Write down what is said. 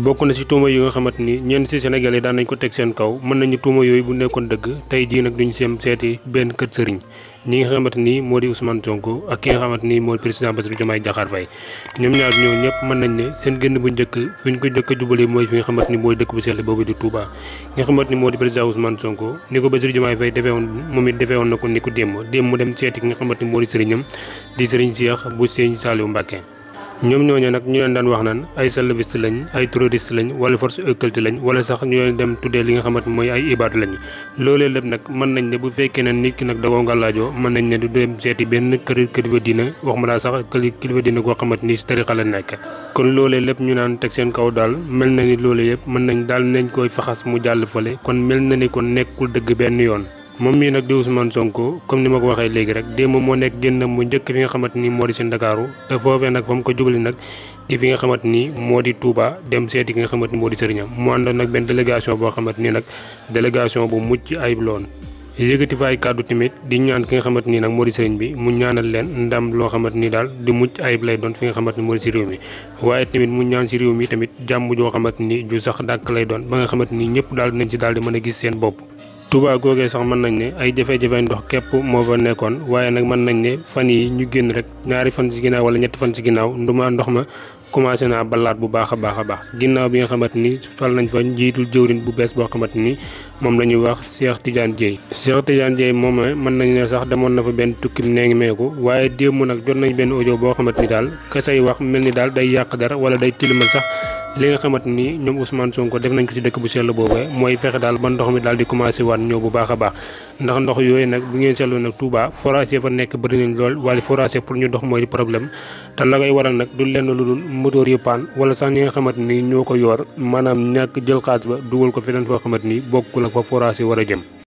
bokk na ci tuuma yi nga xamante ni ñenn ci Sénégal yi daan ko teg seen kaw mën nañu tuuma yooyu bu nekkoon dëgg tey jii nag duñu seem seeti benn kër sëriñ ñi nga xamante ni moo di Ousmane Sonko ak ki nga xamante ni moo di président Bassirou Diomaye Diakhar Faye ñoom ñoo ñëpp mën nañ ne seen génn bu njëkk ko njëkk a jubale mooy fi ni mooy dëkk bu sell boobu di Touba moo di président Ousmane Sonko ni ko Bassirou Diomaye na ko ni ko démb démb mu dem seeti ki nga xamante ni moo di sëriñam di sëriñ Cheikh bu sëriñ Saliou Mbacké ñoom ñooñu nag ñu leen daan wax naan ay salafiste lañ ay terroriste lañ wala force occulte lañ wala sax ñu leen dem tuddee li nga xamante mooy ay ibaadu lañ loolee lépp nag mën nañ ne bu fekkee ne nit ki nag dagoo nga mën nañ ne du dem seeti benn kër kilifa diina wax ma daa sax kilifa diina koo xamante ni si tarixa la nekk kon loolee lépp ñu naan teg seen kaw daal mel na ni loolee yëpp mën nañ daal nañ koy faxas mu jàll fale kon mel na ni kon nekkul dëgg benn yoon moom mii nag di Ousmane Sonko comme ni ma ko waxee léegi rek démb moo nekk génn mu njëkk fi nga xamante ni moo di si Ndakaaru te foofee nag fa mu ko jubali nga xamante ni moo di Touba dem seeti ki nga xamante ni moo di sëriñam mu àndoon nag benn délégation boo xamante ni nag délégation bu mucc ayib loon yëkkati fa kàddu tamit di ñaan ki nga xamante ni nag moo di sëriñ bi mu ñaanal leen ndam loo xamante ni daal di mucc ay lay doon fi nga xamante ni moo di si réew mi waaye tamit mu ñaan si réew mi tamit jàmm joo xamante ni ju sax dàkk lay doon ba nga xamante ni ñëpp daal dinañ si daal di mën a gis seen bopp Touba googee sax mën nañ ne ay jafe-jafe ndox képp moo fa nekkoon waaye nag mën nañ ne fan yi ñu génn rek ñaari fan ci ginnaaw wala ñetti fan ci ginnaaw nduma ndox ma commencé naa balaat bu baax a baax a baax ginnaaw bi nga xamante ni fal nañ fa njiitul jëwriñ bu bees boo xamante ni moom la ñuy wax Cheikh Tidiane Dieye. Cheikh Tidiane Dieye moom mën nañ ne sax demoon na fa benn tukki neegi meeku waaye démb nag jot nañ benn audio boo xamante ni daal ka say wax mel ni daal day yàq dara wala day tilimal sax. li nga xamante ni ñoom Ousmane Sonko def nañ ko ci dëkk bu sell boobee mooy fexe daal ba ndox mi daal di commencé waat ñëw bu baax a baax ndax ndox yooyu nag bu ngeen seetloo nag Touba forage fa nekk bëri nañ lool waaye forage pour ñu dox mooy problème te la koy waral nag du lenn lu dul motoor yu paan wala sax ñi nga xamante ni ñoo ko yor maanaam ñàkk jël xaalis ba dugal ko feneen foo xamante ni bokkul ak fa forage war a jëm